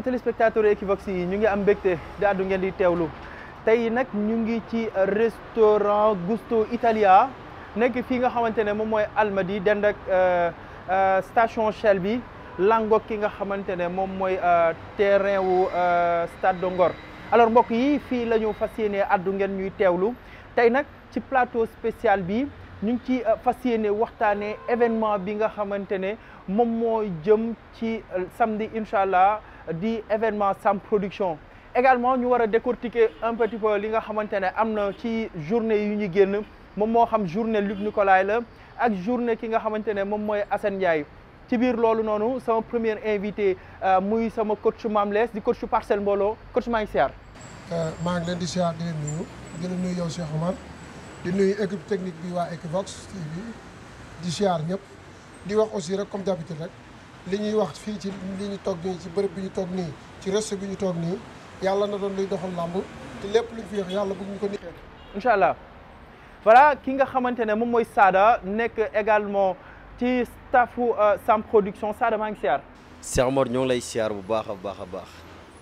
mbokku téléspectateur Equivox yi ñu ngi am mbégte di àddu ngeen di teewlu tey nag ñu ngi ci restaurant Gusto Italia nekk fii nga xamante ne moom mooy Almadies dend ak euh, euh, station Shell bi langoog ki nga xamante ne moom mooy euh, terrain wu Stade de alors mbokk yi fii la ñu fas yéenee àddu ngeen ñuy teewlu tey nag ci plateau spécial bi ñu ngi ci fas yéene waxtaanee événement bi nga xamante ne moom mooy jëm ci samdi incha allah di événement Sam Production également ñu war a décortiquer un petit peu li nga xamante ne am na ci journée yu ñu génn moom moo xam journée Luc Nicolaï la ak journée ki nga xamante ne moom mooy Assane Ndiaye ci biir loolu noonu sama première invité euh, muy sama coach Mame Less di coach Parcelles Mbooloo coach maa ngi siyaar euh, maa ngi leen di siyaar di nuyu di leen nuyu yow Cheikh Omar di nuyu équipe technique bi waa Equivox TV di siyaar ñëpp di wax aussi rek comme d'habitude li ñuy wax fii ci li ñu toog nii ci bërëb bi ñu toog nii ci reste bi ñu toog nii yàlla na doon luy doxal làmb te lépp luñ fi wax yàlla bëgg ñu ko nixee incha allah voilà ki nga xamante ne moom mooy Sada nekk également ci staffu euh, Sam Production Sada maa ngi siyaar Cheikh Mor ñoo lay siyaar bu baax a baax a baax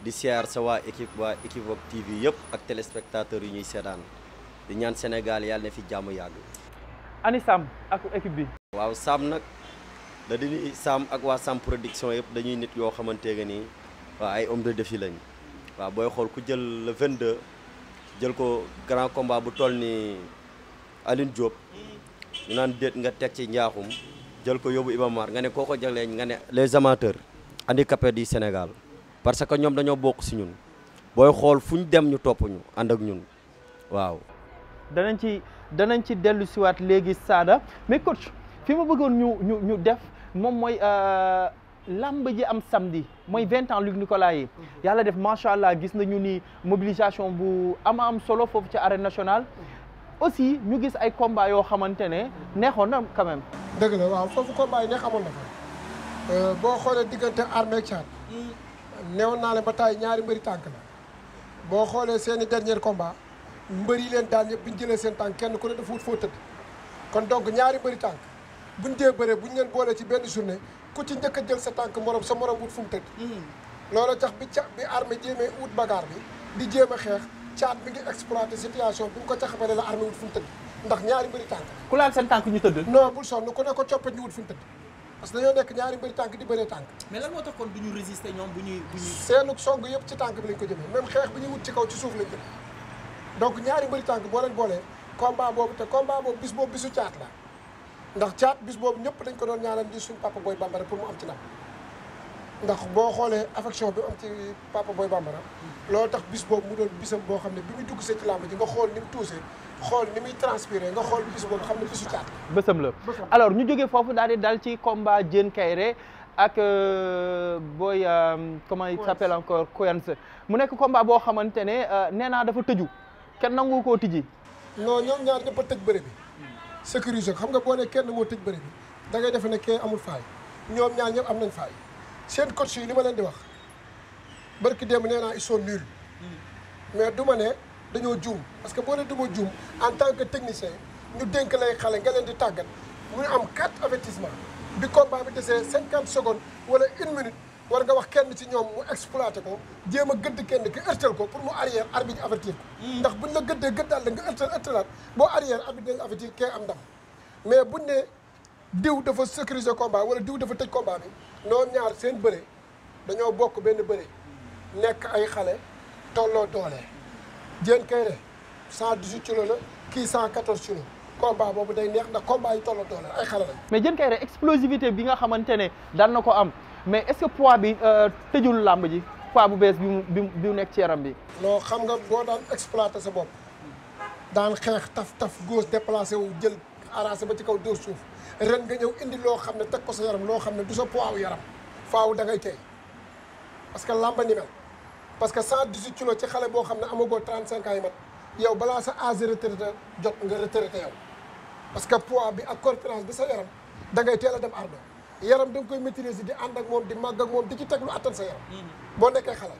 di siyaar sa waa équipe waa Equivox TV yëpp ak téléspectateurs yi ñuy seetaan di ñaan Sénégal yàlla ne fi jàmm yàgg ani Sam ak équipe bi waaw Sam nag da dañuy ak waa saam production yëpp dañuy nit yoo xamante ne nii waaw ay homme de défi lañ waaw booy xool ku jël le 22 jël ko grand combat bu toll nii Aline Diop ñu naan déet nga teg ci njaaxum jël ko yóbbu Iba Mar nga ne koo ko jagleeñ nga ne les amateurs handicapés di Sénégal parce que ñoom dañoo bokk si ñun booy xool fu ñu dem ñu topp ñu ànd ak ñun waaw. danañ ci danañ ci dellu siwaat léegi Sada mais coach fi ma bëggoon ñu ñu ñu def moom mooy euh, lamb ji am samedi mooy vingt ans Luc Nicolas yi mhm. yàlla def macha allah gis nañu ni mobilisation bu ama am solo foofu ci arène national mhm. aussi ñu gis ay combat yoo xamante ne neexoon na quand dëgg la waaw foofu combat yi neex amoon na fa euh, boo xoolee diggante armée ak caat naa leen ba taay ñaari mbëri tànk la boo xoolee seen i dernier combat mbëri leen daan yëpp bi ñu jëlee seen tànk kenn ku ne dafa wut foo tëdd kon donc ñaari mbëri buñ dee bëree buñ leen boolee ci benn journée ku ci njëkk a jël sa tànk morom sa morom wut fu mu tëdd. Hmm. loolu tax bi ca bi armée jéemee wut bagaar bi di jéem a xeex caat bi ngi exploité situation bi ñu ko caxabale la armée wut fu mu tëdd ndax ñaari mbëri tànk. ku laal seen tànk ñu tëdd. ne ko coppat ñu wut fu mu nekk ñaari mbëri tànk di bëree tànk. mais lan moo tax kon du ñu résister ñoom bu ñuy seenu song yëpp ci tànk bi lañ ko jëmee même xeex bi ñuy ut ci kaw ci suuf lañ jëm donc ñaari mbëri tànk boo leen boolee combat boobu te combat boobu bis boobu bisu caat la ndax caat bis boobu ñëpp dañ ko doon ñaanal di suñ papa booy bambara pour mu am ci ndam ndax boo xoolee affection bi am ci papa booy bambara loolu tax bis boobu mu doon bisam boo xam ne bi muy dugg see ci làmb xool ni mu xool muy transpirer nga xool bis boobu xam ne bisu caat bésam la alors ñu jógee foofu daal di dal ci combat Diène Kairé ak euh, booy euh, comment il s'appelle encore Koyans mu nekk combat boo xamante ne euh, nee naa dafa tëju kenn nangu ko tijji non ñoom ñaar ñëpp a tëj bëre bi sécuriser ko xam nga boo ne kenn moo tëj bëri bi da ngay defe ne amul faay ñoom ñaar ñëpp am nañ faay seen coach yi li ma leen di wax barki démb nee naa ils sont nuls mais du ma ne dañoo juum parce que boo ne du ma juum en tant que technicien ñu dénk lay xale nga leen di tàggat mu am quatre avertissement bi combat bi desee cinquante secondes wala une minute war nga wax kenn ci ñoom mu exploité ko jéem a gëdd kenn ki ërtal ko pour mu arrière arbitre avertir ko hmm. ndax buñ la gëddee gëddaal la nga ërtal ërtalaat boo arrière arbitre dañ avertir kee am ndam mais bu ne diw dafa sécuriser combat wala diw dafa tëj combat bi ñaar seen bëre dañoo bokk benn bëre nekk ay xale tolloo doole Diène Kairé 118 kilo la kii 114 kilo combat boobu day neex ndax combat yi tolloo doole ay xale la mais Diène Kairé explosivité bi nga xamante ne daan na ko am mais est-ce que poids bi euh, tëjul làmb ji poids bu bees bi bi mu nekk ci yaram bi. non xam nga boo daan exploité sa bopp daan xeex taf taf gauche déplacé wu jël arrasé ba ci kaw dóor suuf ren nga ñëw indi loo xam ne teg ko sa yaram loo xam ne du sa poids wu yaram faaw da ngay tey parce que làmba ni mel parce que 118 kilos ci xale boo xam ne amagoo 35 cinq yi mat yow balaa sa âge retraité jot nga retraité yow parce que poids bi ak corpulence bi sa yaram da ngay teel a dem ardo yaram da nga koy maîtriser di ànd ak moom di màgg ak moom di ci teg lu attan sa yaram. Mm-hmm. boo nekkee xale.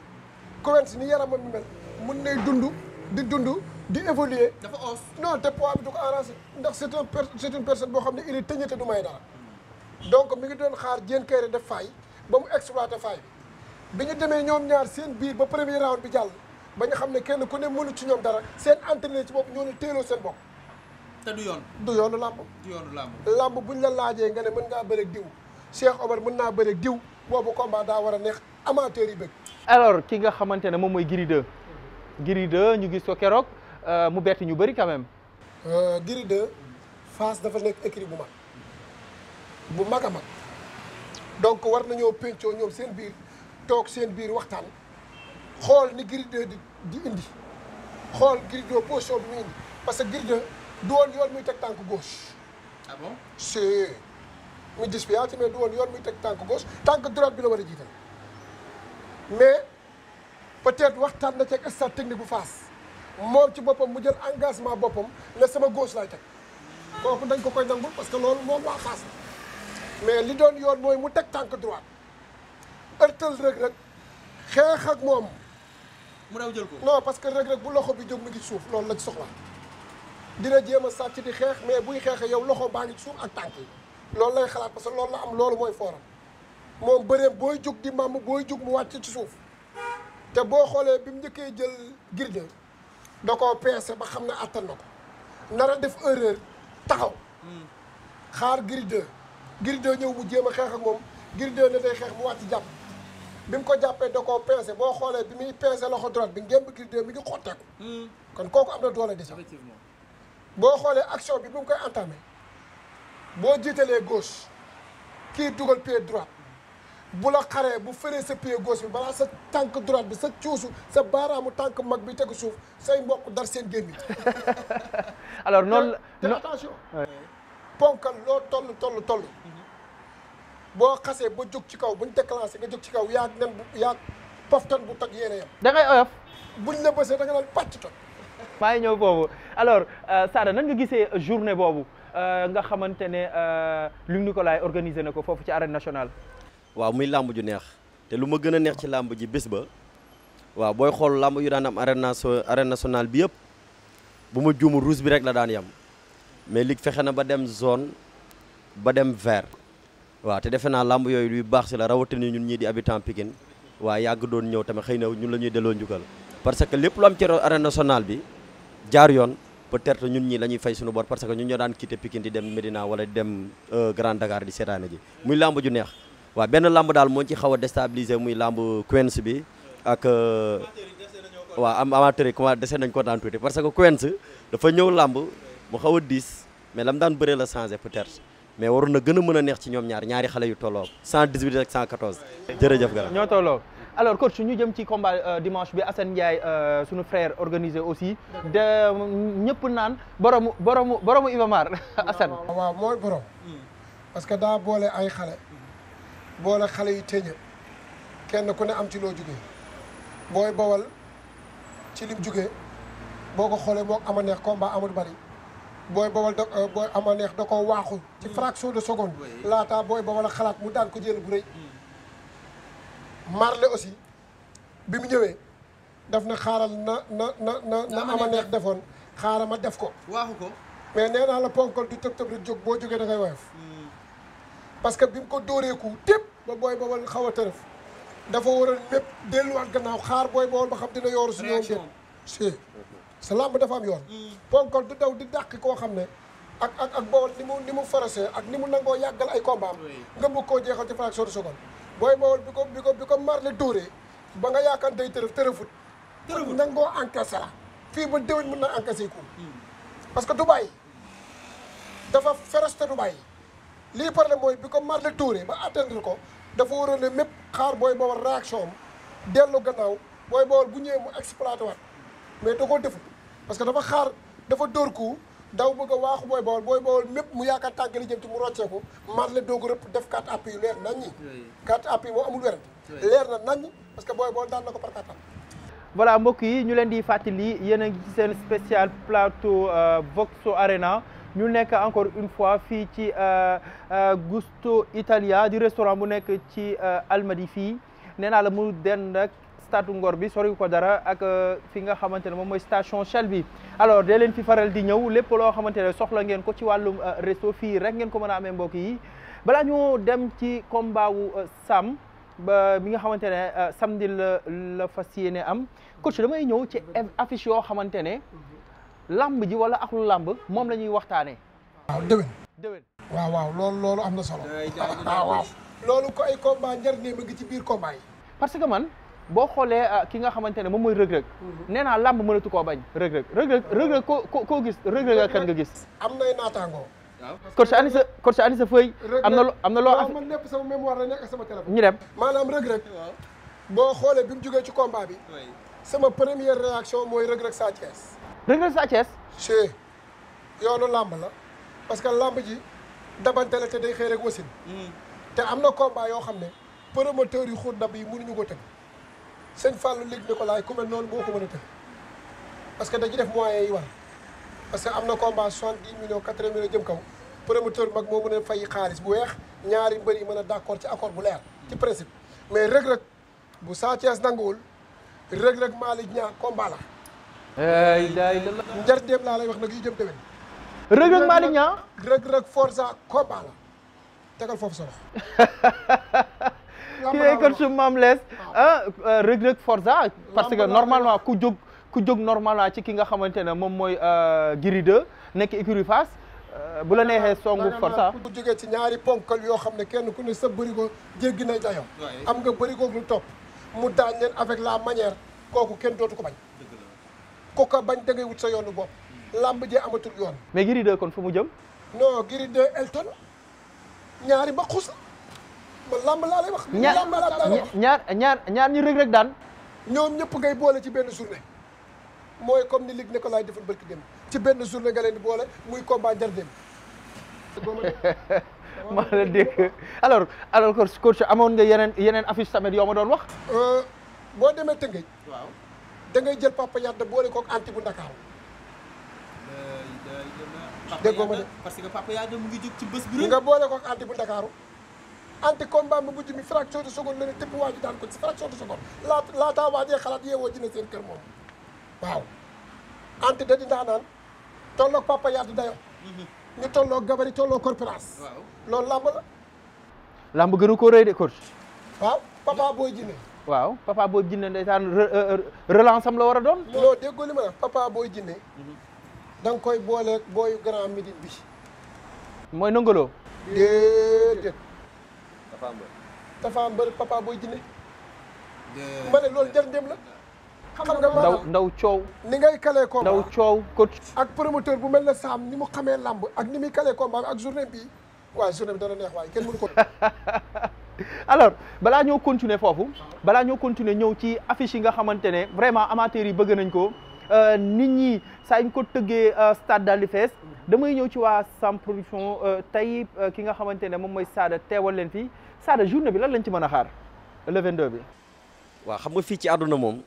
Coense ni yaramam mel mun nay dund di dund di évoluer. dafa oos non te poids bi du ko arrangé ndax c' un per c' est une personne boo xam ne il est tëñete du may dara. Mm-hmm. donc mi ngi doon xaar jéen kayre def faay ba mu exploité faay bi. bi ñu demee ñoom ñaar seen biir ba premier round bi jàll ba ñu xam ne kenn ku ne mënu ci ñoom dara seen entraîneur ci bopp ñoo ne teeloo seen bopp. te yoon du yoonu làmb. du yoonu làmb làmb buñ la laajee nga ne mën ngaa bëre diw. Cheikh Omar mën naa bëre diw boobu combat daa war a neex amateur yi bëgg. alors ki nga xamante ne moom mooy Gris 2. Gris ñu gis ko keroog euh, mu bett ñu bari quand même. Euh, Gris 2 dafa nekk écrit bu mag bu mag a mag donc war nañoo pencoo ñoom seen biir toog seen biir waxtaan xool ni Gris di di indi xool Gris 2 position bi muy indi parce que Gris 2 du woon yoon muy teg tànk gauche. ah muy bi ah, mais du woon yoon muy teg tànk gauche tànk droite bi la war a jiital mais peut-être waxtaan na ceeg stade technique bu faas moom ci boppam mu jël engagement boppam ne sama gos laay teg kooku dañ ko koy nangul parce que loolu moom waa Fass la mais li doon yoon mooy mu teg tànk droite ërtal Reug xeex ak moom. mu daw jël ko non parce que Reug bu loxo bi jóg mi ngi suuf loolu la ci soxla dina jéem a sàcc di xeex mais buy xeex yow loxo baa ngi ci suuf ak tànk yi. loolu lay xalaat ba que loolu la am loolu mooy fooram moom bëreem booy jug di màmm booy jóg mu wàcc ci suuf te boo xoolee bi mu njëkkee jël girde da ko peese ba xam ne attan na ko nar a def erreur taxaw xaar girde girde ñëw mu jéem a xeex ak moom girde ne day xeex mu wàcc jàpp bi mu ko jàppee da ko peese boo xoolee bi muy peese loxo droite bi ngémb girde mi ngi xotteeku hmm. kon kooku am na doole déjà boo xoolee action bi bi mu koy entamé boo jiitalee goos kii dugal pied droite bu la xaree bu feree sa pied gauche bi balaa sa tànk droite bi sa cuusu sa baaraamu tànk mag bi tegu suuf say mbokk dar seen gémmiñ alors noonu te ponkal loo toll toll toll boo xasee ba jóg ci kaw bu te déclenché nga jóg ci kaw yaag nen bu yaag poftan bu toj yéene yam da ngay oyof buñ la bësee da nga naan pàcc maa ngi ñëw boobu alors euh, Sada nan nga gisee journée boobu Euh, nga xamante ne euh, Luc Nicolaï organisé na ko foofu ci arène national waaw muy làmb ju neex te lu ma gën a neex ci làmb ji bés ba waaw booy xool làmb yu daan am arène national bi yëpp bu ma juumul rouge bi rek la daan yam mais lig fexe na ba dem zone ba dem vert waaw te defe naa làmb yooyu luy baax si la rawatina ñun ñii di habitant Pikine waaw yàgg doon ñëw tamit xëy na ñun la ñuy delloo njukkal parce que lépp lu am ci arène nationale bi jaar yoon. peut-être ñun ñi la fay suñu bor parce que ñun ñoo daan quitté Pikine di dem Médina wala di dem euh, Grand Dakar di seetaane ji muy làmb ju neex waa benn làmb daal moo ci xaw a déstabilisé muy làmb Queens bi ak euh, waa am amateur yi comment dese nañ ko daan tuuti parce que Queens dafa ñëw làmb mu xaw a diis mais lam daan bëree la changé peut-être mais waroon na gën a mën a neex ci ñoom ñaar ñaari xale yu tolloo 118 ak 114 jërëjëf gara ñoo tolloo alors su ñu jëm ci combat euh, dimanche bi Assane Ndiaye euh, sunu frère organisé aussi de ñëpp naan boromu boromu boromu Iba Mar Assane waaw mooy borom parce que daa boole ay xale boole xale yu teñe kenn ku ne am ci loo jugee booy bawal ci lim jugee boo ko xoolee moog ama neex combat amul bari booy bawal da euh, booy ama da koo waaxu ci soo mm. de seconde laata booy bawal xalaat mu daan ko jël bu rëy mm. Marley aussi bi mu ñëwee daf na xaaral na na na na na ama neex defoon xaaral ma def ko waaxu ko mais nee naa la ponkal du tëb tëb rek jóg boo jógee da koy woyof parce que bi mu ko dóoreeku tépp ba booy boobu xaw a tërëf dafa a mépp delluwaat gannaaw xaar booy boobu ba xam dina yooru si ñoom déet si sa làmb dafa am yoon mm. ponkal du daw di dàq koo xam ne ak ak ak boobu ni mu ni mu farase ak ni mu nangoo yàggal ay combat am nga bëgg koo jeexal ci fraction de seconde booy bawol bi ko bi ko bi ko marle dóoree ba nga yaakaar day tërëf tërëfut tërëfut nag ngoo encaissé fii ba déwén mën na encaissé ko parce que Dubaay dafa féroce te Dubaay lii problème mooy bi ko marle dóoree ba atteindre ko dafa waroon ne mépp xaar booy bawol réaction am dellu gannaaw booy bawol bu ñëwee mu exploité waat mais da koo defut parce que dafa xaar dafa dóor ko daw bëgg a waaxu booy bawol booy bawol mépp mu yaakaar tàggali jëm ci mu rocceeku maar la doog rëpp def quatre appui yu leer nañ ñi quatre appui moom amul werante leer na nañ parce que booy bawol daan na ko par quatre mbokk yi ñu leen di fàttali yéen a seen spécial plateau euh, Voxo Arena ñu nekk encore une fois fii ci euh, euh, Gusto Italia di restaurant bu nekk ci Almadi fii nee naa la mu den rek stade Ngor bi sori ko dara ak euh, fi nga xamante ne moom mooy station Shell bi alors dee leen fi faral di ñëw lépp loo xamante ne soxla ngeen ko ci wàllum euh, resto fii rek ngeen ko mën a amee mbokk yi balaa ñu dem ci combat wu euh, Sam ba bi nga xamante ne samedi la la fas yéene am ci damay ñëw ci affiche yoo xamante ne lamb ji wala axlu làmb moom la ñuy waxtaanee. waaw déwén. waaw waaw loolu loolu am na solo. loolu ko ay combat njëriñ ma ngi ci biir combat yi. parce boo xoolee ah, ki nga xamante ne moom mooy rëg-rëg mhm. nee naa làmb mënatu koo bañ rëg-rëg rëg-rëg rëg-rëg koo gis rëg-rëg ak nga gis am nay naataangoo coach Anissa coach Anissa Faye am na am na loo am man lépp sama mémoire la nekk sama téléphone ñu dem maanaam rëg boo xoolee bi mu jógee ci combat bi sama première réaction mooy rëg-rëg Sa Thiès rëg-rëg Sa Thiès chez yoonu làmb la parce que làmb ji dabante la te day xëy rek wasin hmm. te am na combat yoo xam ne promoteurs yu xóot dab yi mënuñu ko teg sëñ Fallou lig ni ko noonu boo ko mën a tënk parce que dañuy def moyens yi war parce que am na combat soixante-dix millions quatre-vingts millions jëm kaw promoteur mag moo mën a fay xaalis bu weex ñaari mbër yi mën a d'accord ci accord bu leer ci principe mais rëg-rëg bu Sa Thiès nanguwul rëg-rëg Malick Niang combat la njar déem laa lay wax nag yu jëm déwén rëg-rëg Malick Niang rëg-rëg Forza combat la tegal foofu solo ki est coach maam Less ah, ah euh, Reug Reug Forza parce que normalement ku jóg ku a ci ki nga xamante ne moom mooy euh, Gris 2 nekk écurie Fass euh, bu la neexee songu Forza ku jógee ci ñaari ponkal yoo xam ne kenn ku ne sa bërigo jéggi na dayo am nga bërigoog lu topp mu daañ leen avec la manière kooku kenn dootu ko bañ ko ko bañ da wut sa yoonu bopp làmb jee amatul yoon mais Gris 2 kon fu mu jëm non Gris 2 Elton ñaari ba xus lamb laa lay wax. lamb laa lay wax ñaar ñaar ñaan ñu rëg rëg daan. ñoom ñëpp ngay boole ci benn journée mooy comme ni Ligue Nicolas defal barki dem ci benn journée nga leen di boole muy combat jar dem. ma la dégg alors alors coach amoon nga yeneen yeneen affiche tamit yoo ma doon wax. Euh, boo demee Tëngéej. waaw da ngay jël Papa Yadda boole koog anti bu Ndakaaru. déggoo ma de parce que ci bés boole koog anti bu Ndakaaru. ante combat bu mujj mi fraction de seconde la ko ci fraction laata laataa xalaat yeewoo ji ne seen kër moom waaw ante da di daanaan tolloog papa yaatu dayo mhm. ñu tolloo gabari tolloo corpulence loolu làmb làmb gënu ko de coach waaw papa booy jinne waaw papa booy jinne ndeysaan relance am la war a doon loo déggoo li ma la papa booy jinne mhm. da koy booleeg booyu grand midi bi mooy nangaloo déedéet Tapha Mbeur Tapha Mbeur Papa Boy Djiné ma ne loolu jar dem la xam nga maanaam ndaw coow ni ngay kalee combat ndaw coow coach ak promoteur bu mel ne Sam ni mu xamee lamb ak ni muy kalee combat ak journée bii waaw journée bi dana neex waaye kenn mënu ko alors balaa ñoo continuer foofu balaa ñoo continuer ñëw ci affiche yi nga xamante ne vraiment amateurs yi bëgg nañ ko euh, nit ñi saa ñu ko tëggee euh, stade daal damay ñëw ci waa Sam euh, tey ki nga xamante ne moom mooy Sada teewal leen fii Sada journée bi la lañ ci mën a xaar le bi. waaw xam nga fii ci àdduna moom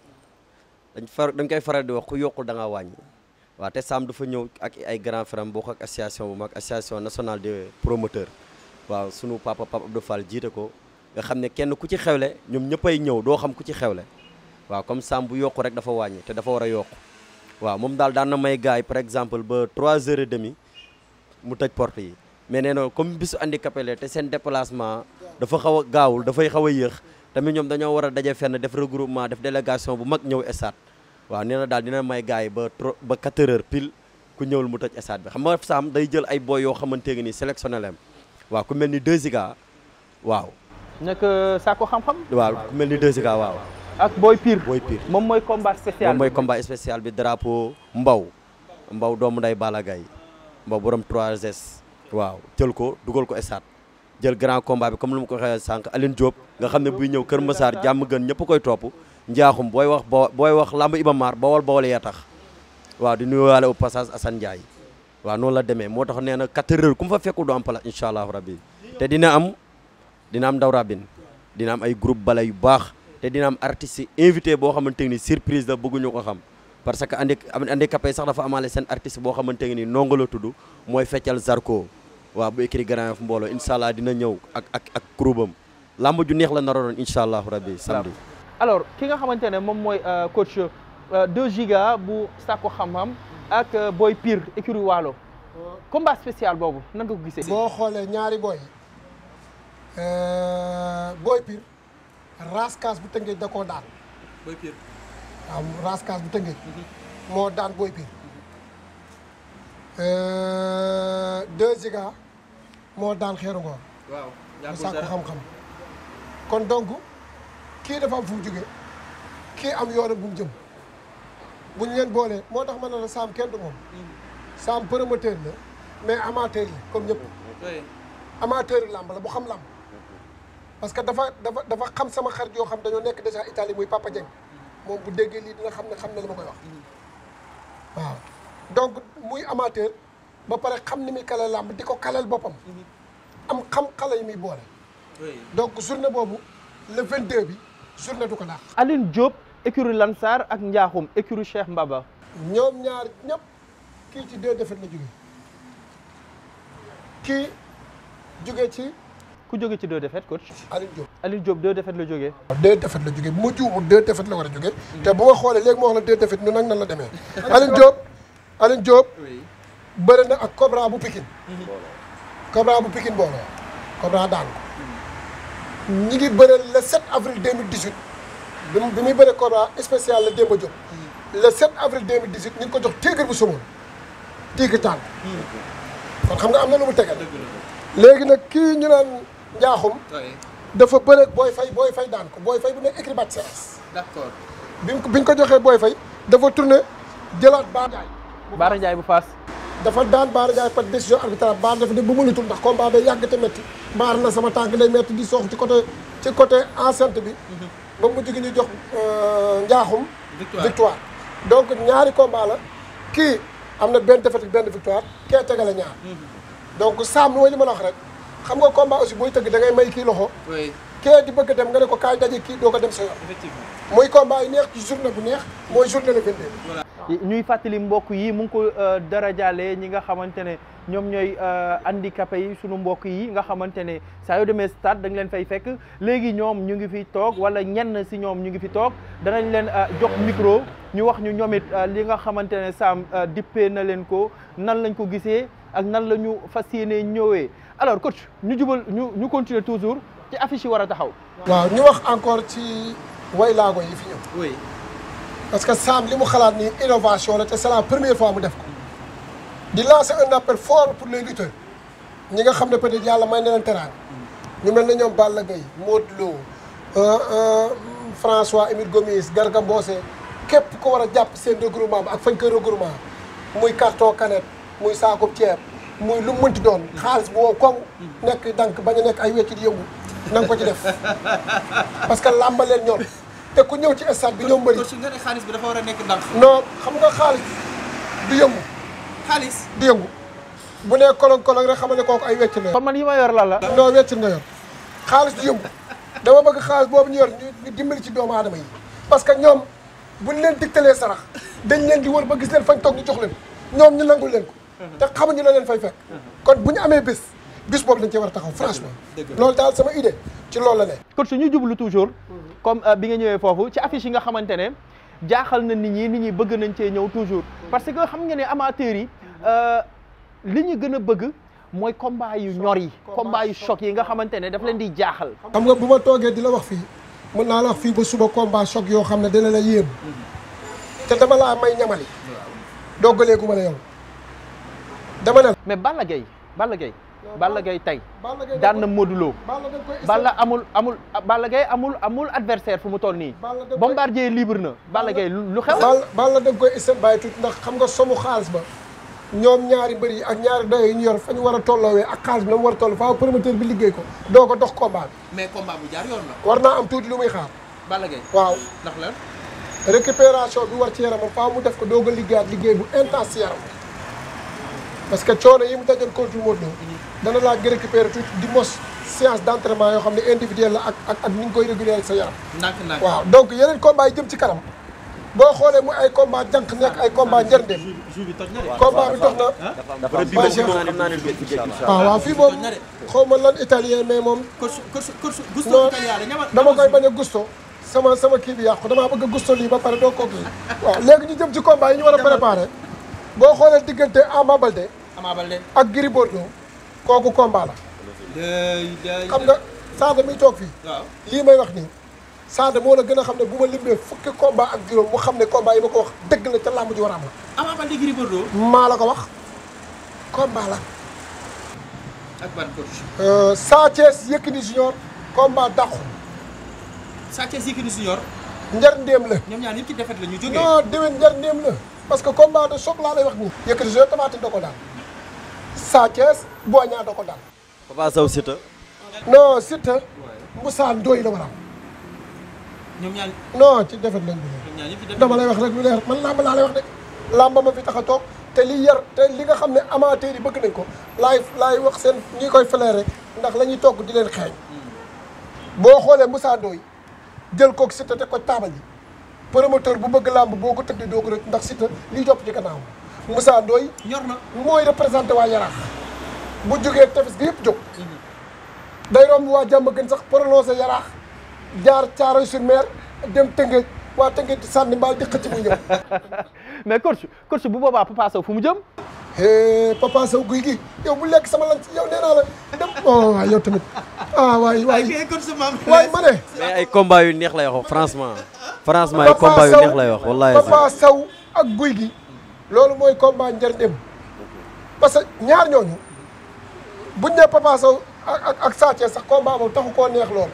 dañ far dañ koy faral di wax ku yokkul da ngaa wàññi waaw te Sam dafa ñëw ak ay grand frère bokk ak association bu mag association nationale des promoteurs waaw sunu papa Pape Abdou Fall jiite ko nga xam ne kenn ku ci xewle ñoom ñëppay ñëw doo xam ku ci xewle waaw comme Sam bu yokku rek dafa wàññi te dafa war a yokk waaw moom daal daan na may gars yi par exemple ba trois heures et demi mu tëj porte yi. mais nee na comme bisu handicapé la te seen déplacement dafa xaw gaawul dafay xaw a yéex tamit ñoom dañoo war a daje fenn def regroupement def délégation bu mag ñëw stade waaw nee na daal dina may gars yi ba trop ba 4 heures pile ku ñëwul mu toj stade bi xam nga Sam day jël ay boy yoo xamante ne nii sélectionné waaw ku mel ni 2Ziga waaw. nekk euh, saako xam-xam. waaw ku mel ni 2Ziga waaw. ak booy Pire. Boy Pire moom mooy combat spécial moom mooy combat bi drapeau Mbaw. Mbaw doomu nday Balla Gaye Mbaw waaw jël ko dugal ko stade jël grand combat bi comme lu ma ko waxee sànq Aline Diop nga xam ne buy ñëw Kër Massar jàmm gën ñëpp koy topp njaaxum booy wax bo booy wax lamb Iba Mar bawol bawol ya tax waaw di nuyuwaale au passage assan Ndiaye waaw noon la demee moo tax nee na 4 heures ku fa fekku du am pala incha allahu rabbi te dina am dina am daw rabin dina am ay group bala yu baax te dina am artistes invité boo xamante ni surprise la bëgguñu ko xam parce que andi handicapé sax dafa amaale seen artiste boo xamante ni nonga la tudd mooy feccal Zarko waaw bu écrit Grand Yoff mbooloo incha allah dina ñëw ak ak kurubam làmb ju neex la naroon incha allahu rabbi samedi. alors ki nga xamante ne moom mooy euh, coach 2 euh, jiga bu Sakko xam-xam ak euh, Boy Pire écurie Waalo combat spécial boobu nan nga ko gisee. boo xoolee ñaari boy Boy Pire raskaas bu tënkee da koo daan. Boy bu tënkee. Mhm. moo daan Boy Pire. moo daan xeeru ngoor waaw mu sàkku xam-xam kon donc kii dafa am fu mu jógee kii am yoonam bu jëm bu ñu leen boolee moo tax ma ne la Sam kenn du moom Sam promoteur la mais amateur la comme ñëpp amateur la bu xam làmb parce que dafa dafa dafa xam sama xarit yoo xam dañoo nekk déjà Italie muy Papa Dieng moom bu déggee lii dina xam ne xam ne li ma koy wax waaw muy amateur ba pare xam ni muy kale làmb di ko kalal boppam. am xam xale yi muy boole. donc journée boobu le 22 bi journée du ko daax. Aline Diop écurie Lansar ak Ndiakhoum écurie Cheikh Mbaba. ñoom ñaar ñëpp kii ci deux défaites la jógee kii jógee ci. ku jóge ci deux défaites coach. Aliou Diop Aliou Diop deux défaites la jóge deux défaites la jógee bu ma juumul la war a jóge te bu ma xoolee léegi ma wax la deux défaites ñun nag nan la demee. Aliou Diop Aliou Diop. bëri na ak Cobra bu Pikine. Mm-hmm. Cobra bu Pikine booloo Cobra daan ko. ñi ngi bëre le 7 avril 2018 bi mu bi muy bëre Cobra spécial la Demba Diop. Mm-hmm. le 7 avril 2018 ñu ngi ko jox tigre bu sumoon tigre tànn. Mm-hmm. kon xam nga am na lu mu tegal. léegi nag kii ñu naan njaaxum. dafa bëre booy fay booy fay daan ko booy fay bu nekk écrit bat CS. d'accord bi ñu ko joxee booy fay dafa tourné jëlaat Baara Ndiaye. Baara Ndiaye bu Faas. dafa daan Baara Ndiaye par décision arbitrale Baara dafa ne bu ma lutul ndax combat bay yàgg te metti maar na sama tànk day metti di soox ci côté ci bi. Mhm. ba mu jigi ñu jox euh, njaaxum. victoire donc ñaari combat la kii am na benn défaite benn victoire kee tegale ñaar. Mhm. donc saam mooy li ma la wax rek xam nga combat aussi booy tëgg da ngay may kii loxo. kee di bëgg dem nga ne ko kaay daje kii doo ko dem sa yoon. mooy combat yi neex ci journée bu neex mooy journée le 22. ñuy fàttali mbokk yi mu ngi ko euh, dara jaale ñi nga xamante ne ñoom ñooy euh, handicapé yi suñu mbokk yi nga xamante ne saa yoo demee stade da leen fay fekk léegi ñoom ñu ngi fi toog wala ñenn si ñoom ñu ngi fi toog danañ leen euh, jox micro ñu wax ñu ñoom it li nga xamante ne Sam dippee na leen ko nan lañ ko gisee ak nan la ñu fas yéenee ñëwee alors coach ñu jubal ñu ñu continuer toujours ci affiche yi war a taxaw. way laago yi fi ñëw. parce que Sam li mu xalaat nii innovation la te c'est première fois mu def ko. di lancer un appel fort pour les lutteurs ñi nga xam ne peut-être yàlla may na leen ñu mel ne ñoom Balla Gaye Modou Lo euh, euh, François Émile Gomis Garga képp ko war a jàpp seen regroupement bi ak fañ koy regroupement muy carton canette muy saako ceeb muy lu mënti doon xaalis bu wow koŋ nekk dank bañ nekk ay wecc di yëngu na ko ci def parce que làmba leen ñoom te ku ñëw ci stade bi ñëw mbëri. kon nga ne xaalis bi dafa war a nekk ndànk. non xam nga xaalis du yëngu. xaalis du yëngu bu nekk kolong kolong rek xamal ne kooku ay wecc nga yor. man yi ma yor lan la. non wecc nga yor xaalis du yëngu dama bëgg xaalis boobu ñu yor ñu dimbali ci doomu adama yi. parce que ñoom bu ñu leen digtalee sarax dañ leen di wër ba gis leen fañ toog ñu jox leen ñoom ñu nangul leen ko. te xamuñu la leen fay fekk. kon amee bés bés boobu dañ cee war a taxaw franchement. loolu sama idée ci loolu la ne. kon su jublu toujours comme euh, bi nga ñëwee foofu ci affiche yi nga xamante ne jaaxal na nit ñi nit ñi bëgg nañ cee ñëw toujours parce que xam nga ne amateurs yi euh, li ñu gën a bëgg mooy combat yu ñor yi combat yu choc yi nga xamante ne daf leen di jaaxal xam nga bu ma toogee di la wax fii mën naa la wax fii ba suba combat choc yoo xam ne dina la yéem te dama laa may ñamali doggalee gu ma la yow dama ne mais Balla Gaye Balla Gaye tey daan na Modou Lo Balla amul amul Balla Gaye amul amul adversaire fu mu toll nii Bombardier libre na Balla Gaye lu xew Balla da nga koy istan bàyyi tuuti ndax xam nga somu xaalis ba ñoom ñaari mbër yi ak ñaari doy yi ñu yor fa ñu war a tolloowee ak xaalis bi na mu war a toll faaw promoteur bi liggéey ko doo ko dox combat bi mais combat bu jaar yoon war naa am tuuti lu muy xaar Balla waaw ndax lan récupération bi war ci yaramam faaw mu def ko doog a liggéeyaat liggéey bu intense yaram parce que coono yi mu dajoon contre Modou Lo dana laa gën a récupérer tuuti di mos séance d' entraînement yoo xam ne individuel la ak ak ak ni nga koy régulier ak sa yaram. ndànk waaw donc yeneen combat yi jëm ci kanam boo xoolee mu ay combat jànq nekk ay combat njërndeem. combat bi tox na. dafa bi waaw ah, waaw fii moom xaw ma lan italien mais moom. dama koy bañ a gusto. sama sama kii bi yàqu damaa bëgg a gusto lii ba pare doo ko kii. waaw léegi ñu jëm ci combat yi ñu war a préparer boo xoolee diggante Ama Baldé Ama Baldé ak Gris Bordeaux kooku combat la. xam nga Sadio mi toog fii. lii may wax nii. Sadio moo la gën a xam ne bu ma limbee fukki combat ak juróom mu xam ne combat yi ma ko wax dëgg la ca làmb ji war a am la. Ama Baldé maa la ko wax combat la. ak ban coach. Euh, Sa Thiès Yékini Junior combat dàqu. Sa Thiès njar ndéem la. ñoom ñaar ñëpp ci defet ñu jógee. non déwén njar ndéem la. parce que combat de choc laa lay wax nii. Yékini Junior tamit da daal. Sa Thiès Boy Niang ko dal. Papa Sow Siteu. non Siteu. Moussa Ndoye la war a am. ñoom ci defet lañ bëgg. dama lay wax rek lu leer man làmb laa lay wax de. làmb ma fi tax a toog te li yar te li nga xam ne amateurs yi bëgg nañ ko laay laay wax seen ñi koy fëleere ndax la ñuy togg di leen xeeñ. boo xoolee Moussa Ndoye jël koog Siteu te ko taabal yi promoteur bu bëgg làmb boo ko tëddee doo ko rek ndax Siteu liy topp ci gannaawam. Moussa Ndoye ñor na mooy représenté waa Yaraax bu jógee tefes gi yëpp jóg day romb waa jàmb gën sax prononcé Yaraax jaar Thiaroye sur Mer dem Tëngéej waa Tëngéej di sànni mbaal di xëcc muy ñëw mais coach coach bu boobaa Papa Sow fu mu jëm eh, Papa Sow guy gi yow bu lekk sama lan yow nee naa la dem oh waaw yow tamit ah waay waay waay ma ne mais ay combat yu neex lay wax franchement franchement ay combat yu neex lay wax wallaay Papa ak guy gi loolu mooy combat njëriñam parce que ñaar ñooñu buñ ne Papa Sow ak ak Sa Thiès sax combat boobu taxu koo neex lool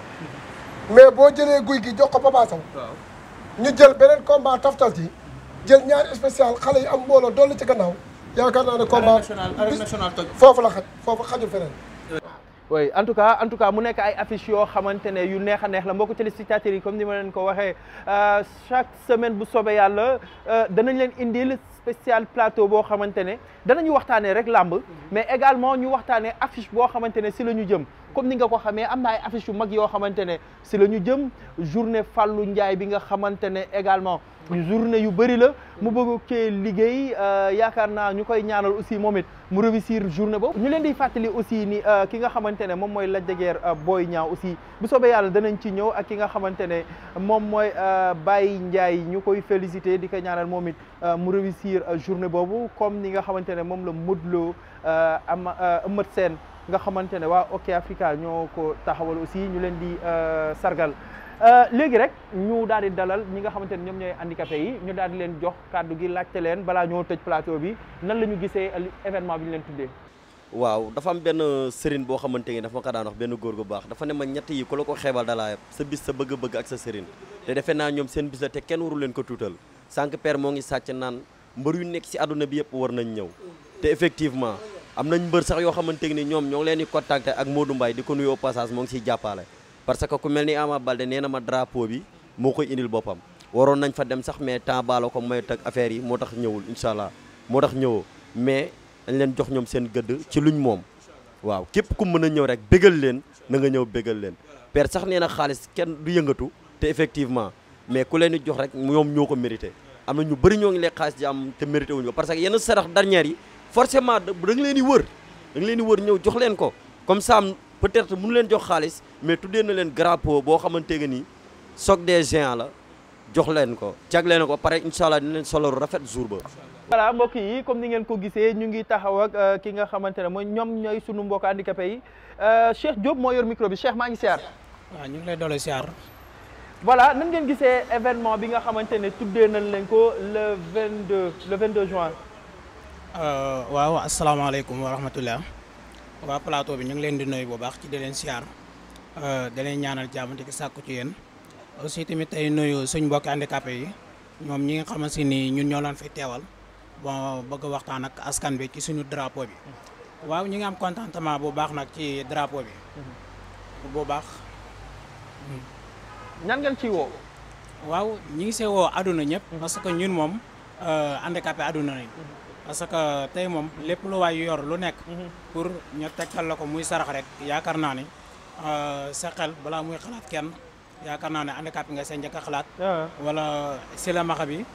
mais boo jëlee guy gi jox ko Papa Sow ñu jël beneen combat taftal ci jël ñaar spécial xale yi am mbooloo dolli ci gannaaw yaakaar naa ne combat foofu la xaj foofu xajul feneen oui en tout cas en tout cas mu nekk ay affiche yoo xamante ne yu neex a neex la mbokku téléspectateurs yi comme ni ma leen ko waxee euh, chaque semaine bu soobee yàlla euh, danañ leen indil spécial plateau boo xamante ne danañu waxtaanee rek lamb mais également ñu waxtaanee affice boo xamante ne si la ñu jëm comme ni nga ko xamee am na ay yu mag yoo xamante ne si la ñu jëm journée Fallou njaay bi nga xamante ne également journée yu bëri la mu bëgg ke liggéey euh, yaakaar naa ñu koy ñaanal aussi moom it mu réussir journée boobu ñu leen di fàttali aussi ni euh, ki nga xamante ne moom mooy Lac de Guiers euh, Boy Niang aussi bu soobee danañ ci ñëw ak ki nga xamante ne moom mooy Baye Ndiaye ñu koy féliciter di ko ñaanal moom it mu réussir biir euh, journée boobu comme ni nga xamante ne moom la Modou Lo euh, am euh, Eumeu Sène nga xamante ne waa OK Africa ñoo ko taxawal aussi ñu leen di sargal léegi rek ñu daal di dalal ñi nga xamante ne ñoom ñooy handicapé yi ñu daal di leen jox kàddu gi laajte leen balaa ñoo tëj plateau bi nan la ñu gisee événement bi ñu leen tuddee. waaw dafa am benn sëriñ boo xamante ni dafa ma ko daan benn góor gu baax dafa ne ma ñett yi ku la ko xeebal dalaayam sa bis sa bëgg-bëgg ak sa sëriñ te defe naa ñoom seen bis te kenn waru leen ko tuutal mbër yu nekk ci àdduna bi yëpp war nañ ñëw te effectivement am nañ mbër sax yoo xamante ni ñoom ñoo ngi leen di contacter ak Modou Mbaye di ko nuyu au passage moo ngi ciy jàppale parce que ku mel ni Ama Baldé nee na ma drapeau bi moo koy indil boppam waroon nañ fa dem sax mais temps baala ko may ak affaire yi moo tax ñëwul incha allah moo tax ñëwoo mais dañ leen jox ñoom seen gëdd ci luñ moom waaw képp ku mën a ñëw rek bégal leen na nga ñëw bégal leen père sax nee na xaalis kenn du yëngatu te effectivement mais ku leen di jox rek ñoom ñoo ko mérité am na ñu bëri ñoo ngi lekk xaalis ji am te mérité wuñu ko parce que yenn sarax dernière yi forcément da nga leen di wër da nga leen di ñëw jox leen ko comme ça peut-être mënu leen jox xaalis mais tuddee na leen grand pot boo xamante ne nii choc des géants la jox leen ko jagleel na ko pare incha allah dina leen solo rafet jour ba. voilà mbokk yi comme ni ngeen ko gisee ñu ngi taxaw euh, ki nga xamante ne mooy ñoom ñooy sunu mbokk handicapé yi euh, Cheikh Diop moo yor micro bi Cheikh maa ngi siyaar. waaw ñu ngi lay doole siyaar. voilà nan ngeen gisee événement bi nga xamante ne tuddee nañ leen ko le 22 le 22 juin. Euh, waaw asalaamaaleykum wa rahmatullah waa plateau bi ñu ngi leen di noyu bu baax ci di leen siyaar euh, di leen ñaanal jàmm di ko sàkku ci yéen aussi tamit tey nuyu suñ mbokki handicapé yi ñoom ñi nga xamante ni ñun ñoo laan fi teewal bon bëgg waxtaan ak askan bi ci suñu drapeau bi. waaw ñu ngi am contentement bu baax nag ci drapeau bi. Mhm. bu baax. Hmm. ñan ci ciy woo. waaw ñi ngi see woo àdduna ñëpp. parce que ñun moom euh, handicapé àdduna lañ. Mhm. parce que tey moom lépp lu waay yor lu nekk. Mhm. pour ñu tegtal la ko muy sarax rek yaakaar naa ni euh, sa xel balaa muy xalaat kenn yaakaar naa ne handicapé nga seen njëkk xalaat. Ah. wala silamaxa bi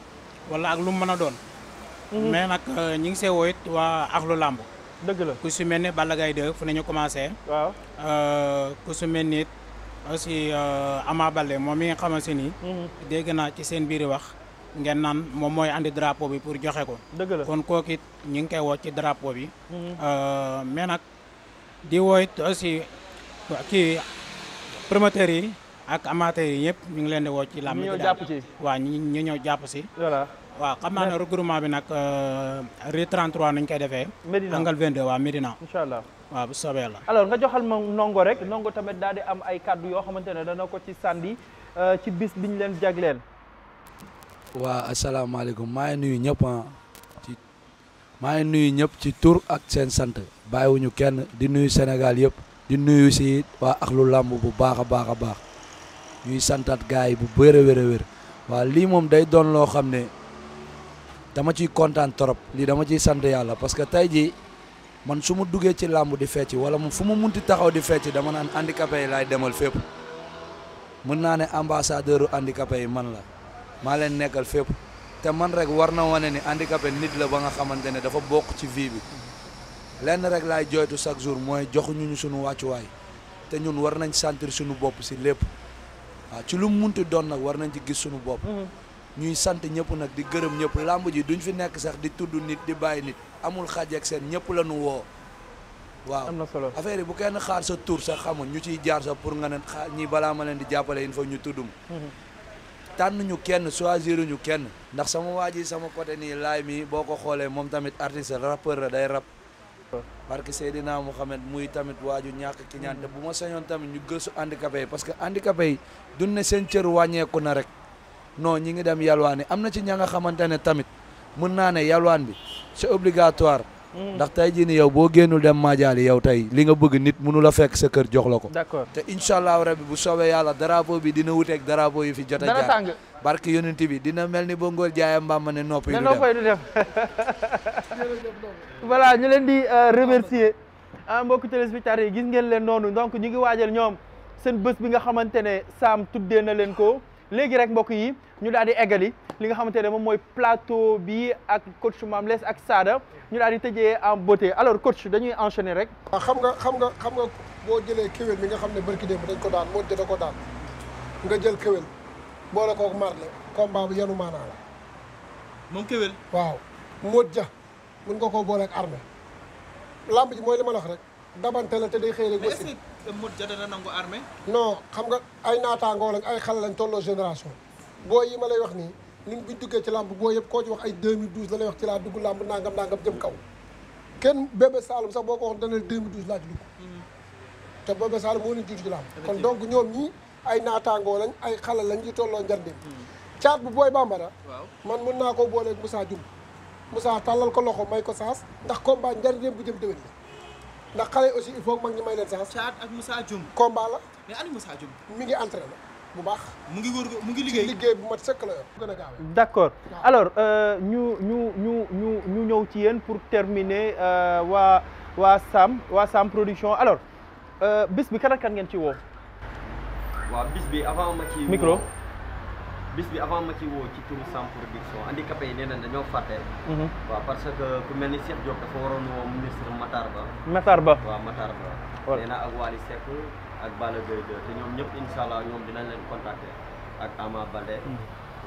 wala ak lu mën a doon. Mhm. mais nag euh, ngi see woo it waa axlu làmb. la ku su mel ni Balla Gaye 2 fu ne ñu commencé. waaw ku su mel ni aussi euh, Ama Baldé moom mi nga xamante ni. Mhm. dégg naa ci seen biir wax ngeen naan moom mooy andi drapeau bi pour joxe ko. dëgg la kon kooku it ñu ngi koy woo ci drapeau bi. Mhm. Euh, mais nag di woo it aussi kii promoteurs yi ak amateurs yi ñëpp ñu ngi leen di woo ci. làmb bi daal ñu ñëw jàpp ci. waaw ñu ñëw jàpp si. waa xam naa ne regroupement bi nag euh, rue 33 nañ koy defee. Médina angle 22 waaw Médina. incha allah. waaw bu soobee la alors nga joxal ma ndongo rek ndongo tamit daal di am ay kàddu yoo xamante ne dana ko ci sànni euh, ci bis bi leen jagleel. waa asalaamaaleykum maa ngi nuyu ñëpp ah, maa ngi nuyu ñëpp ci tur ak seen sant bàyyiwuñu kenn di nuyu Sénégal yëpp di nuyu si waa axlu làmb bu baax a baax a baax ñuy santaat gars yi bu wér a wér waa lii moom day doon loo xam ne dama ciy kontaan trop lii dama ciy sant yàlla parce tey jii. man su ma duggee ci làmb di fecc wala mu fu ma munti taxaw di fecc dama naan handicapé yi laay demal fépp mën naa ne ambassadeur indi handicapé yi man la maa leen nekkal fépp te man rek war na wane ni handicapé nit la ba nga xamante ne dafa bokk ci vie bi lenn rek laay joytu chaque jour mooy joxuñu ñu suñu wàccuwaay te ñun war nañ sentir suñu bopp si lépp waaw ci lu mu munti doon nag war nañ ci gis suñu bopp mm-hmm. ñuy sant ñëpp nag di gërëm ñëpp làmb ji duñ fi nekk sax di tudd nit di bàyyi nit amul xaj seen ñëpp la ñu woo. waaw am na solo affaire bu kenn xaar sa tur sa xamul ñu ciy jaar sax pour nga ne xaar ñii balaa ma leen di jàppale il faut ñu tuddum. Mhm. tànn ñu kenn choisir ñu kenn. ndax sama waa ji sama côté nii laay mi boo ko xoolee moom tamit artiste rappeur la day rap. parce que Seydina Mohamed muy tamit waaju ñàkk ki ñaan mhm. bu ma señoon tamit ñu gëstu handicapé yi parce que handicapé yi duñ ne seen cër wàññeeku na rek. non ñi ngi dem yalwaani am na ci ña nga xamante ne tamit mën naa ne yalwaan bi c'est obligatoire. Mm. ndax tey jii ni yow boo génnul dem maajaali yow tey li nga bëgg nit mënu la fekk sa kër jox la ko. d'accord te incha allahu rabbi bu soobee yàlla drapeau bi dina wuteeg drapeau yi fi jot a jaar dana tàng barke yonent bi dina mel ni ba ngoor jaaya mbaam ne nopp yi du dem du ñu leen di euh, remercier ah mbokku téléspectateurs yi gis ngeen leen noonu donc ñi ngi waajal ñoom seen bés bi nga xamante ne Sam tuddee na leen ko. léegi rek mbokk yi ñu daal di eggali li nga xamante ne moom mooy plateau bi ak coach Mame Less ak Sada ñu daal di tëjee en beauté alors coach dañuy enchaîner rek. waaw ah, xam nga xam nga xam nga boo jëlee kéwél mi nga xam ne barki démb dañ ko daan moo da ko daan nga jël kéwél boole kook marle combat bi yanu maanaa la. moom kéwél. waaw Modou ja mun nga ko boole ak armée lamb ji mooy li rek dabante te day xëy rek. Modou Dia dana nangu armée non xam nga ay naataangoo lañ ay xale lañ tolloo génération boo yi ma lay wax nii ñun buñ duggee ci làmb boo yëpp koo ci wax ay 2012 la wax ci laa dugg làmb nangam nangam jëm kaw kenn bébé Saloum sax boo ko wax dana 2012 laa ci mm-hmm. te bébé Saloum moo leen jiitu ci làmb kon donc ñoom ñii ay naataangoo lañ ay xalal lañ yu tolloo njardim mm-hmm. caat bu booy bambara man mën naa koo booleeg Moussa Dioum Moussa tàllal ko loxo may ko saas ndax combat njardim bu jëm déwén la ndax xale yi aussi il faut mag ñi may leen chance. Thiat ak Moussa Dioum. combat la mais ani Moussa bu baax. mu ngi góor mu ngi liggéey ci liggéey bu mat sëkk la yor. gën a gaawee d' accord alors euh, ñu ñu ñu ñu ñu ñëw ci yéen pour terminer euh, waa waa Sam waa Sam production alors euh, bis bi kan kan ngeen ci woo. waaw bi avant ma ci. micro. bis bi avant ma ci woo ci turu Sam Production handicapé yi nee na dañoo fàtte. Mhm. waaw parce que ku mel ni Cheikh Diop dafa waroon woo ministre Matar Ba. Matar Ba waaw Matar Ba. voilà ak Waly Seck ak Balla Gaye te ñoom ñëpp incha ñoom dinañ leen contacter ak Ama Balde. Mhm.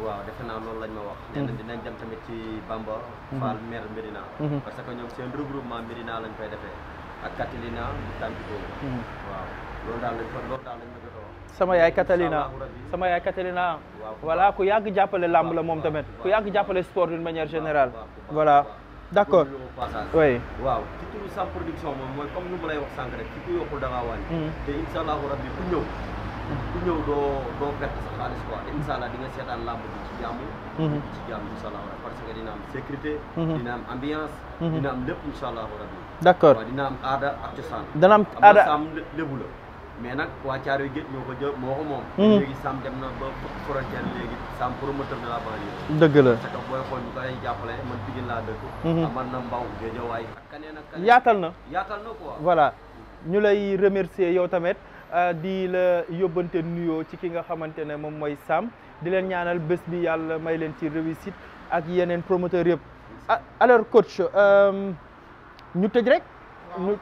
waaw defe naa loolu lañ ma wax. nee na mhm. dinañ dem tamit ci Bamba. Fall maire Médina. parce que ñoom seen regroupement Médina lañ koy defee ak Katilina Tantiko. waaw loolu daal lañ daal lañ ma jot sama yaay Catalina sama yaay Catalina voilà ku yàgg jàppale làmb la moom tamit ku yàgg jàppale sport d'une manière générale voilà d'accord oui waaw ci turu sam production moom mooy comme nu ma lay wax sànq rek ci ku yokkul da ngaa wàññi hmm. te insha allahu rabbi ku ñëw ku ñëw doo doo perte sa xaalis quoi te insha allah di nga seetaan làmb bi ci jàmm bi hmm. ci jàmm insha allahu rabbi parce que dina am sécurité hmm. dina am ambiance dina am lépp insha allahu rabbi d'accord dina am aada ak cosaan dana am aada am lébu la mais nag waa moo ko moom. Hmm. léegi Sam dem na ba frontière léegi Sam promoteur de la banlieue. dëgg la jàppale man Pikine laa dëkk. Hmm. amal na mbaw géejawaay ak kaneen ak yaatal na yaatal na quoi. voilà ñu lay remercier yow tamit euh, di la yóbbante nuyoo ci ki nga xamante ne moom mooy Sam di leen ñaanal bés bi yàlla may leen ci réussite ak yeneen promoteur yëpp. Ah, alors coach euh, ñu tëj rek.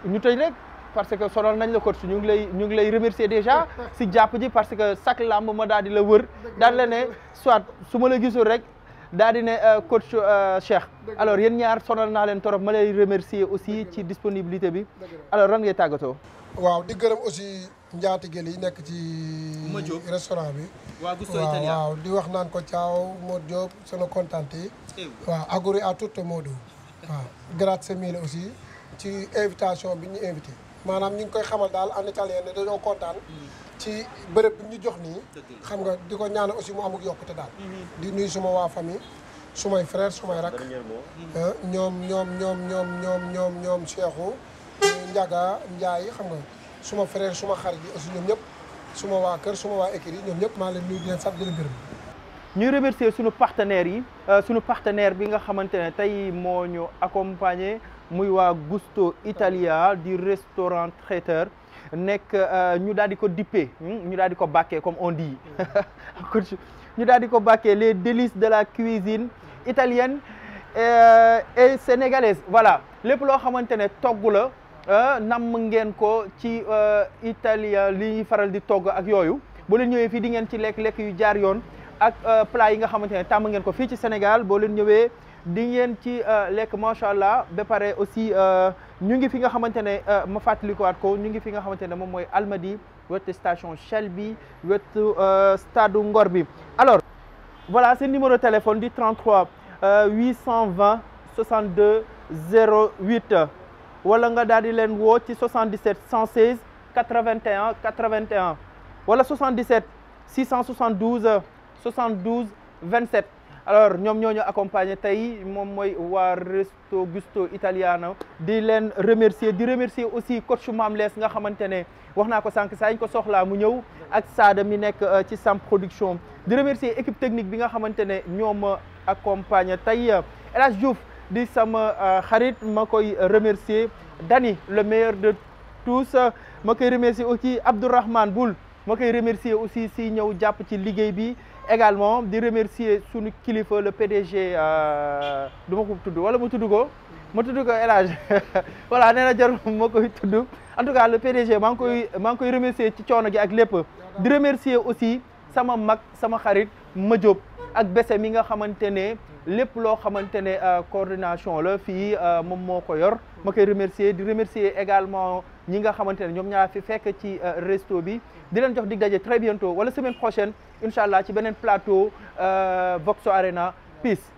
ñu tëj rek. parce que sonal nañ la coach ñu ngi lay ñu ngi lay remercier déjà si jàpp ji parce que chaque làmb ma daal di la wër daal la ne soit su ma la gisul rek daal di ne euh, coach euh, Cheikh alors yéen ñaar sonal naa leen torop ma lay remercier aussi ci disponibilité bi alors ran ngay tàggatoo waaw di gërëm aussi njaatigel yi nekk ci restaurant bi waaw waaw di wax naan ko caaw moo Diop sono contente yi waaw aguri à tout Modou waaw grazie aussi ci invitation bi ñu invité maanaam ñu ngi koy xamal daal en italien ne dañoo kontaan. Mm. ci bërëb bi ñu jox nii. xam nga di ko ñaanal aussi mu amuk yokkute daal. Mm-hmm. di nuyu suma waa famille. sumay frère sumay rak. Ah, ñoom ñoom ñoom ñoom ñoom ñoom ñoom Cheikhou. Ndiaga Ndiaye xam nga suma frère suma xarit yi aussi ñoom ñëpp. suma waa kër suma waa écrit yi ñoom ñëpp maa leen nuyu di leen sant di leen ñuy remercier suñu partenaires yi euh, suñu partenaire bi nga xamante ne tey moo ñu accompagner. muy waa Gusto Italia di restaurant traiteur nekk euh, ñu daal di ko dippee hmm, ñu daal di ko bàkkee comme on dit mm. ñu daal di ko bàkkee le délices de la cuisine italien euh, et sénégalaise voilà lépp loo xamante ne togg la euh, namm ngeen ko ci italien li ñuy faral di togg ak yooyu boo leen ñëwee fii di ngeen ci lekk lekk yu jaar yoon ak plat yi nga xamante ne tàmm ngeen ko fii ci Sénégal boo leen ñëwee di ngeen ci euh, lekk macha allah ba pare aussi euh, ñu ngi fi nga xamante ne euh, ma at ko ñu ngi fi nga xamante ne moom mooy Almadi wetu station Shell bi wetu stade Ngor bi alors voilà seen numéro téléphone di 33 820 62 08 wala nga daal di leen woo ci 77 116 81 81 wala 77 672 72 27. alors ñoom ñooñu ñu accompagner tey moom mooy waa Resto Gusto Italiano di leen remercier di remercier aussi coach Mame Less nga xamante ne wax naa ko sànq saa ko soxlaa mu ñëw ak saada mi nekk euh, ci Sam Production di remercier équipe technique bi nga xamante ne ñoom ma accompagner tey euh, El Hadj di sama euh, xarit ma koy remercier Dani le meilleur de tous ma koy remercier aussi Abdourahmane Boul ma koy remercier aussi si ñëw jàpp ci liggéey bi. également di remercier sunu kilifa le PDG euh, du ma ko tudd wala ma tudd ma tudd ko El Hadj voilà nee na jar ma koy tudd en tout cas le PDG maa ngi koy maa koy remercier ci coono gi ak lépp di remercier aussi sama mag sama xarit ma Diop ak bese mi nga xamante ne lépp loo xamante ne euh, coordination la fii euh, moom moo ko yor ma koy remercier di remercier également ñi nga xamante ne ñoom ñaa fi fekk ci euh, resto bi di leen jox dig daje très bientôt wala semaine prochaine incha allah ci beneen plateau euh, Voxo Arena pis